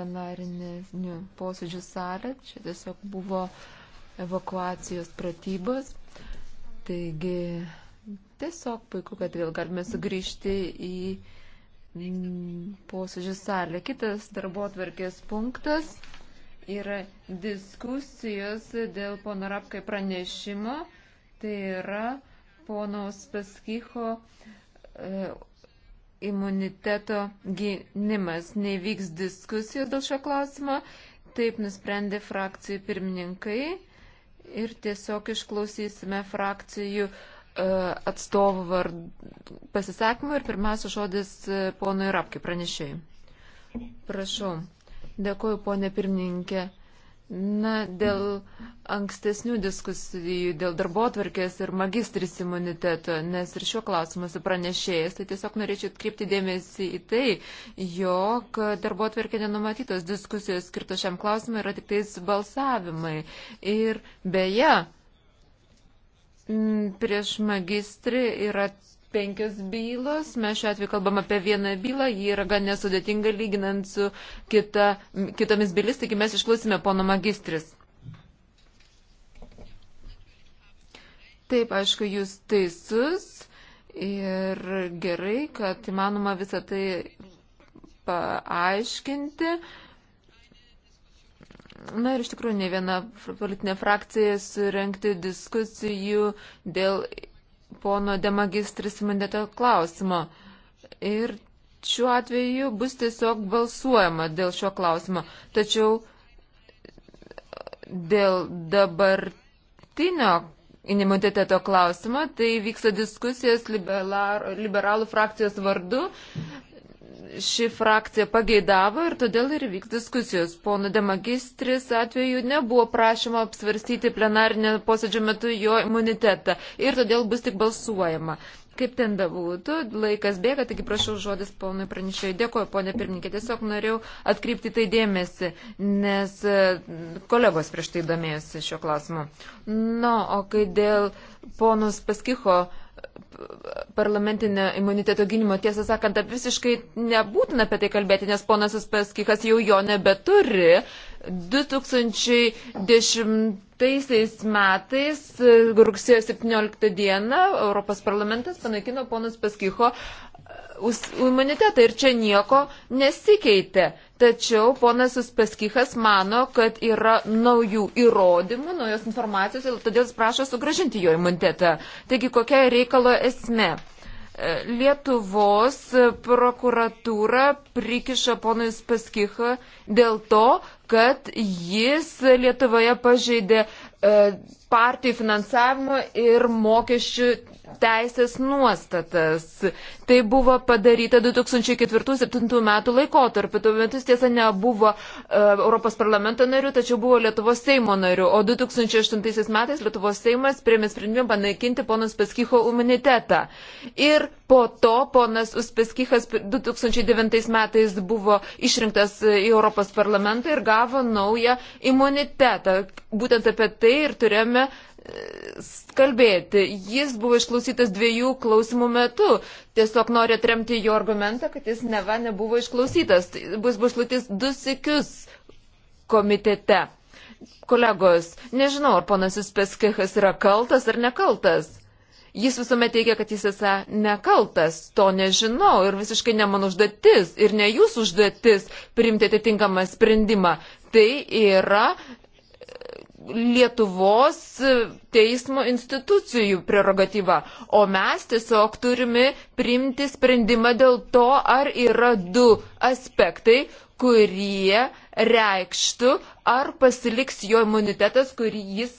plenarinių posėdžių salę. Čia tiesiog buvo evakuacijos pratybos. Taigi tiesiog puiku, kad vėl galime sugrįžti į mm, posėdžių salę. Kitas darbo atvarkės punktas yra diskusijos dėl pono Rapkai pranešimo. Tai yra pono Spaskyho e, imuniteto gynimas. Nevyks diskusijų dėl šio klausimo, taip nusprendė frakcijų pirmininkai ir tiesiog išklausysime frakcijų e, atstovų vard... pasisakymų ir pirmiausia žodis e, ponui Rapkiu pranešėjai. Prašau. Dėkuoju, ponė pirmininkė. Na, dėl ankstesnių diskusijų, dėl darbo atvarkės ir magistris imuniteto, nes ir šiuo klausimu su pranešėjas, tai tiesiog norėčiau atkreipti dėmesį į tai, jog darbo atvarkė nenumatytos diskusijos skirtos šiam klausimui yra tik tais balsavimai. Ir beje, prieš magistrį yra penkios bylos. Mes šiuo atveju kalbam apie vieną bylą, ji yra gan nesudėtinga lyginant su kita, kitomis bylis, taigi mes išklausime pono magistris. Taip, aišku, jūs teisus ir gerai, kad įmanoma visą tai paaiškinti. Na ir iš tikrųjų ne viena politinė frakcija surenkti diskusijų dėl pono demagistris imuniteto klausimo. Ir šiuo atveju bus tiesiog balsuojama dėl šio klausimo. Tačiau dėl dabartinio imuniteto klausimo, tai vyksta diskusijos liberalų frakcijos vardu ši frakcija pageidavo ir todėl ir vyks diskusijos. Pono demagistris atveju nebuvo prašymo apsvarstyti plenarinio posėdžio metu jo imunitetą ir todėl bus tik balsuojama. Kaip ten bebūtų, laikas bėga, taigi prašau žodis ponui pranešėjui. Dėkuoju, ponė pirmininkė, tiesiog norėjau atkreipti tai dėmesį, nes e, kolegos prieš tai domėjosi šio klausimu. Na, no, o kai dėl ponus Paskicho parlamentinio imuniteto gynimo. Tiesą sakant, tai visiškai nebūtina apie tai kalbėti, nes ponas Uspaskikas jau jo nebeturi. 2010 metais, rugsėjo 17 dieną, Europos parlamentas panaikino ponas Paskicho uh, imunitetą ir čia nieko nesikeitė. Tačiau ponas Uspaskichas mano, kad yra naujų įrodymų, naujos informacijos ir todėl jis prašo sugražinti jo imunitetą. Taigi kokia reikalo esmė? E, Lietuvos prokuratūra prikiša ponui Uspaskichą dėl to, kad jis Lietuvoje pažeidė e, partijų finansavimo ir mokesčių teisės nuostatas. Tai buvo padaryta 2004-2007 metų laikotarpiu. Tuo metu tiesa nebuvo uh, Europos parlamento narių, tačiau buvo Lietuvos Seimo narių. O 2008 metais Lietuvos Seimas priemė sprendimą panaikinti ponas Peskicho imunitetą. Ir po to ponas Uspeskichas 2009 metais buvo išrinktas į Europos parlamentą ir gavo naują imunitetą. Būtent apie tai ir turėjome kalbėti. Jis buvo išklausytas dviejų klausimų metu. Tiesiog noriu atremti jo argumentą, kad jis neva nebuvo išklausytas. Bus buvo išklausytas du sikius komitete. Kolegos, nežinau, ar ponas Uspeskehas yra kaltas ar nekaltas. Jis visuomet teigia, kad jis esą nekaltas, to nežinau ir visiškai ne mano užduotis ir ne jūsų užduotis priimti atitinkamą sprendimą. Tai yra Lietuvos teismo institucijų prerogatyva, o mes tiesiog turime priimti sprendimą dėl to, ar yra du aspektai, kurie reikštų, ar pasiliks jo imunitetas, kurį jis,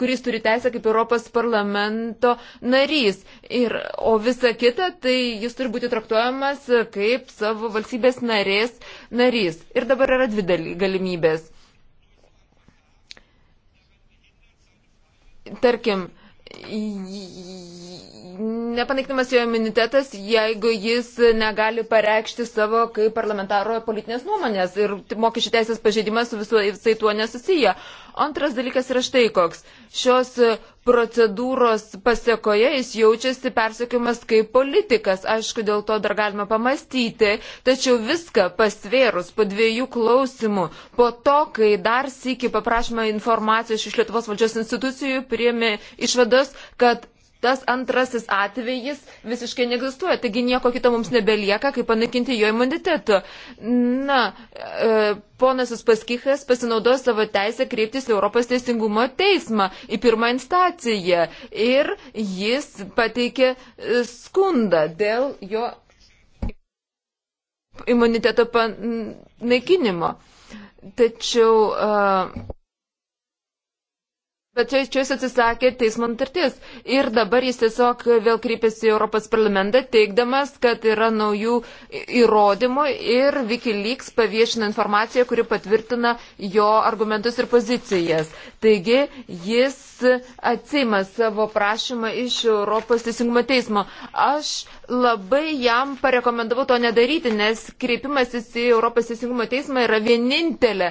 kuris turi teisę kaip Europos parlamento narys. Ir, o visa kita, tai jis turi būti traktuojamas kaip savo valstybės narės narys. Ir dabar yra dvi galimybės tarkim, nepanaikinamas jo imunitetas, jeigu jis negali pareikšti savo kaip parlamentaro politinės nuomonės ir mokesčių teisės pažeidimas su visu, visai tuo nesusiję. Antras dalykas yra štai koks. Šios procedūros pasiekoje jis jaučiasi persiekiamas kaip politikas. Aišku, dėl to dar galima pamastyti, tačiau viską pasvėrus po dviejų klausimų, po to, kai dar sėki paprašymą informacijos iš Lietuvos valdžios institucijų, priemi išvados, kad tas antrasis atvejis visiškai neegzistuoja, taigi nieko kito mums nebelieka, kaip panaikinti jo imunitetų. Na, e, ponas Uspaskichas pasinaudojo savo teisę kreiptis į Europos teisingumo teismą, į pirmą instaciją ir jis pateikė e, skundą dėl jo imuniteto panaikinimo. Tačiau. Uh, Bet čia, čia jis atsisakė teismo nutarties. Ir dabar jis tiesiog vėl kreipėsi į Europos parlamentą, teikdamas, kad yra naujų įrodymų ir Wikileaks paviešina informaciją, kuri patvirtina jo argumentus ir pozicijas. Taigi jis atsima savo prašymą iš Europos teisingumo teismo. Aš labai jam parekomendavau to nedaryti, nes kreipimasis į Europos teisingumo teismą yra vienintelė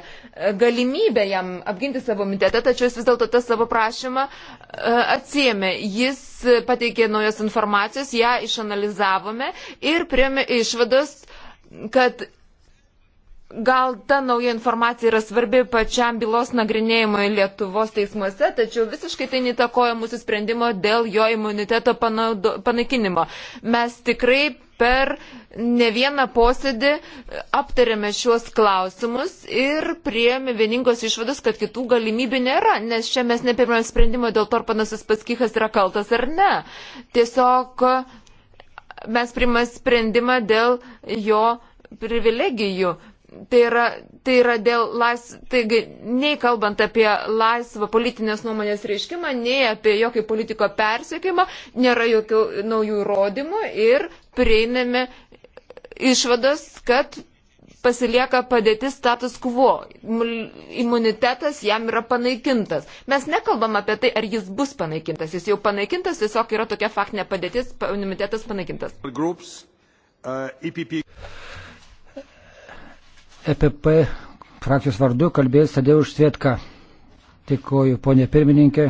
galimybė jam apginti savo mitetą, tačiau jis vis dėlto tas savo prašymą e, atsiemė. Jis pateikė naujos informacijos, ją išanalizavome ir priemė išvados, kad gal ta nauja informacija yra svarbi pačiam bylos nagrinėjimui Lietuvos teismuose, tačiau visiškai tai netakoja mūsų sprendimo dėl jo imuniteto panaudo, panaikinimo. Mes tikrai per ne vieną posėdį aptarėme šiuos klausimus ir prieėmė vieningos išvados, kad kitų galimybių nėra, nes čia mes nepirmėm sprendimo dėl to, ar panasis paskikas yra kaltas ar ne. Tiesiog mes primame sprendimą dėl jo privilegijų. Tai yra, tai yra dėl laisvės, taigi nei kalbant apie laisvą politinės nuomonės reiškimą, nei apie jokį politiko persiekimą, nėra jokių naujų įrodymų ir prieiname išvados, kad pasilieka padėtis status quo, imunitetas jam yra panaikintas. Mes nekalbam apie tai, ar jis bus panaikintas, jis jau panaikintas, tiesiog yra tokia faktinė padėtis, imunitetas panaikintas. Groups, uh, EPP. EPP frakcijos vardu kalbės Sadeuš Svietka. Tikoju, ponė pirmininkė.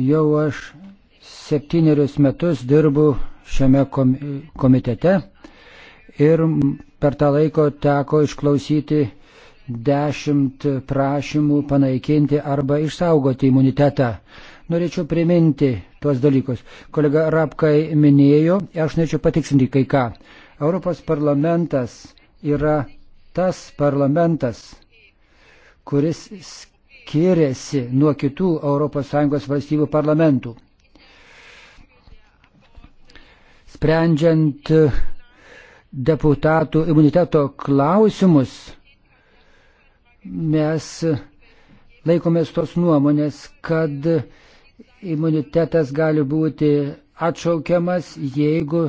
Jau aš septynerius metus dirbu šiame komitete ir per tą laiko teko išklausyti dešimt prašymų panaikinti arba išsaugoti imunitetą. Norėčiau priminti tuos dalykus. Kolega Rapkai minėjo, aš norėčiau patiksinti kai ką. Europos parlamentas yra tas parlamentas, kuris skiriasi nuo kitų ES valstybių parlamentų. sprendžiant deputatų imuniteto klausimus, mes laikomės tos nuomonės, kad imunitetas gali būti atšaukiamas, jeigu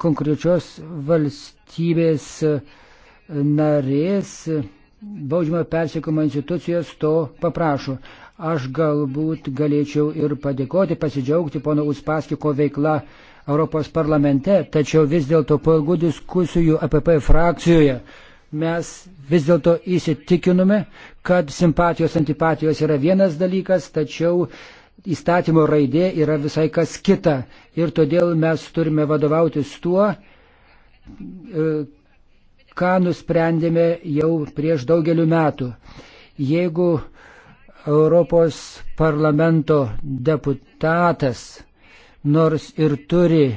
konkrečios valstybės narės baudžiamo persiekimo institucijos to paprašo. Aš galbūt galėčiau ir padėkoti, pasidžiaugti pono Uspaskiko veikla Europos parlamente, tačiau vis dėlto po ilgų diskusijų APP frakcijoje mes vis dėlto įsitikinome, kad simpatijos antipatijos yra vienas dalykas, tačiau įstatymo raidė yra visai kas kita. Ir todėl mes turime vadovautis tuo, e, ką nusprendėme jau prieš daugelių metų. Jeigu Europos parlamento deputatas nors ir turi,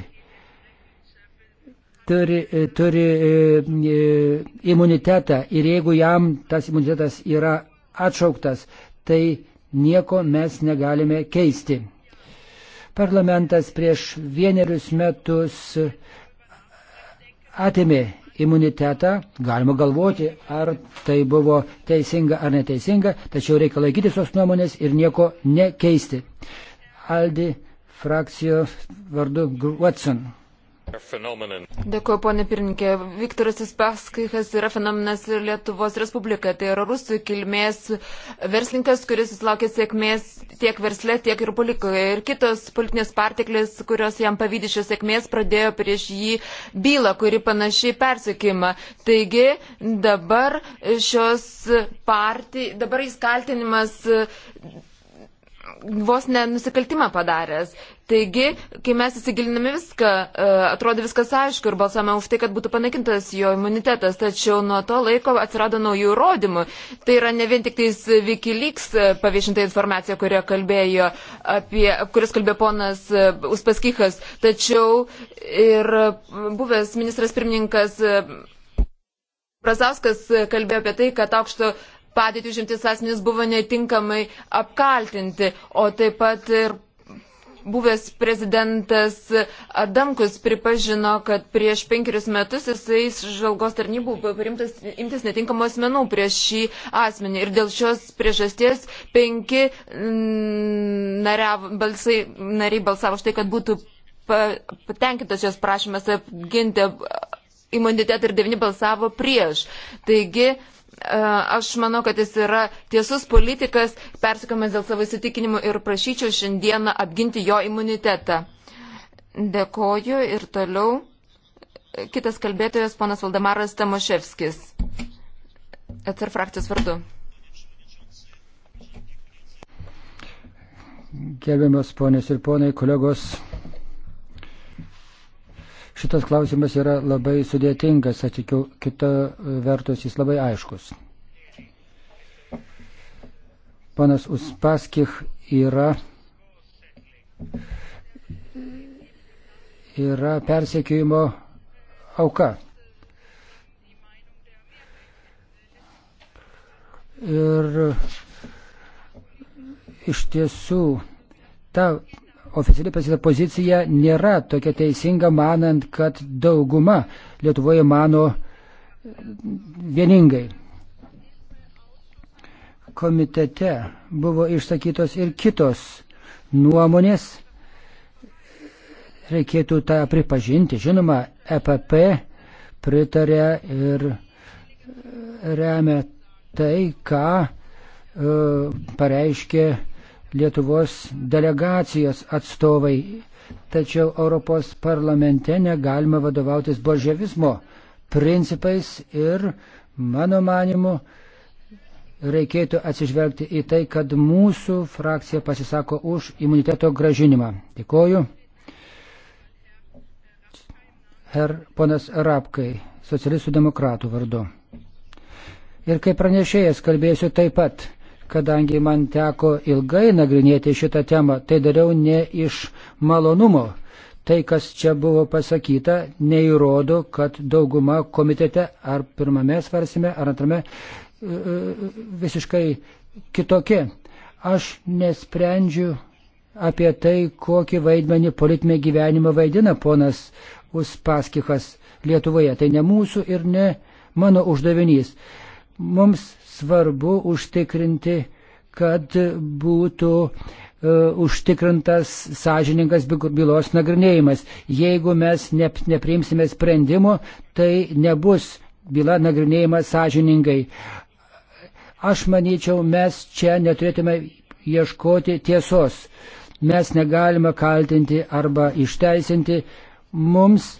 turi, e, turi e, e, imunitetą ir jeigu jam tas imunitetas yra atšauktas, tai nieko mes negalime keisti. Parlamentas prieš vienerius metus atimė imunitetą, galima galvoti, ar tai buvo teisinga ar neteisinga, tačiau reikia laikytis tos nuomonės ir nieko nekeisti. Aldi frakcijos vardu Watson. Dėkuoju, ponė pirmininkė. Viktoras Ispaskikas yra fenomenas ir Lietuvos Respublika. Tai yra rusų kilmės verslininkas, kuris susilaukė sėkmės tiek versle, tiek ir politikoje. Ir kitos politinės partiklis, kurios jam pavydė šios sėkmės, pradėjo prieš jį bylą, kuri panašiai persikima. Taigi dabar šios partijos, dabar jis kaltinimas vos nenusikaltimą padaręs. Taigi, kai mes įsigiliname viską, e, atrodo viskas aišku ir balsame už tai, kad būtų panaikintas jo imunitetas, tačiau nuo to laiko atsirado naujų įrodymų. Tai yra ne vien tik tais Wikileaks e, paviešinta informacija, kalbėjo apie, kuris kalbėjo ponas e, Uspaskichas, tačiau ir buvęs ministras pirmininkas Brazauskas kalbėjo apie tai, kad aukšto padėtį užimtis asmenys buvo netinkamai apkaltinti, o taip pat ir buvęs prezidentas Adamkus pripažino, kad prieš penkerius metus jisai žalgos tarnybų buvo priimtas imtis netinkamo asmenų prieš šį asmenį. Ir dėl šios priežasties penki mm, naria, balsai, nariai balsavo už tai, kad būtų patenkintas jos prašymas apginti imunitetą ir devini balsavo prieš. Taigi E, aš manau, kad jis yra tiesus politikas, persikomas dėl savo įsitikinimų ir prašyčiau šiandieną apginti jo imunitetą. Dėkoju ir toliau. Kitas kalbėtojas, ponas Valdemaras Tamoševskis. Atsir frakcijos vardu. Gerbiamas ponės ir ponai, kolegos, Šitas klausimas yra labai sudėtingas, atikiu, kita vertus jis labai aiškus. Panas Uspaskich yra, yra persekiojimo auka. Ir iš tiesų ta oficialiai pasakyta pozicija nėra tokia teisinga, manant, kad dauguma Lietuvoje mano e, vieningai. Komitete buvo išsakytos ir kitos nuomonės. Reikėtų tą pripažinti. Žinoma, EPP pritarė ir e, remia tai, ką e, pareiškė Lietuvos delegacijos atstovai. Tačiau Europos parlamente negalima vadovautis bolževizmo principais ir, mano manimu, reikėtų atsižvelgti į tai, kad mūsų frakcija pasisako už imuniteto gražinimą. Dėkoju. Her ponas Rapkai, socialistų demokratų vardu. Ir kaip pranešėjas kalbėsiu taip pat kadangi man teko ilgai nagrinėti šitą temą, tai dariau ne iš malonumo. Tai, kas čia buvo pasakyta, neįrodo, kad dauguma komitete ar pirmame svarsime, ar antrame e, e, visiškai kitokie. Aš nesprendžiu apie tai, kokį vaidmenį politinė gyvenime vaidina ponas Uspaskichas Lietuvoje. Tai ne mūsų ir ne mano uždavinys. Mums svarbu užtikrinti, kad būtų e, užtikrintas sąžiningas bylos nagrinėjimas. Jeigu mes nepriimsime sprendimo, tai nebus byla nagrinėjama sąžiningai. Aš manyčiau, mes čia neturėtume ieškoti tiesos. Mes negalime kaltinti arba išteisinti. Mums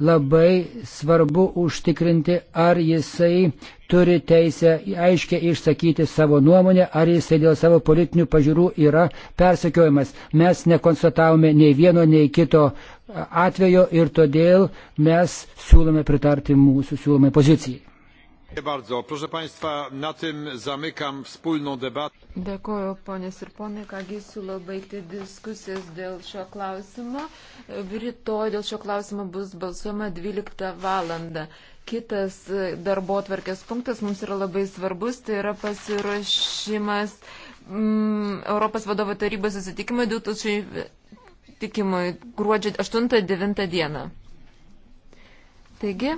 labai svarbu užtikrinti, ar jisai turi teisę aiškiai išsakyti savo nuomonę, ar jisai dėl savo politinių pažiūrų yra persekiojamas. Mes nekonstatavome nei vieno, nei kito atvejo ir todėl mes siūlome pritarti mūsų siūlomai pozicijai. Dėkuoju, ponės ir ponai, kągi siūlau baigti diskusijas dėl šio klausimo. Rytoj dėl šio klausimo bus balsuojama 12 valandą. Kitas e, darbo tvarkės punktas mums yra labai svarbus, tai yra pasiruošimas mm, Europos vadovo tarybos susitikimui 2000 tikimui gruodžio 8-9 dieną. Taigi,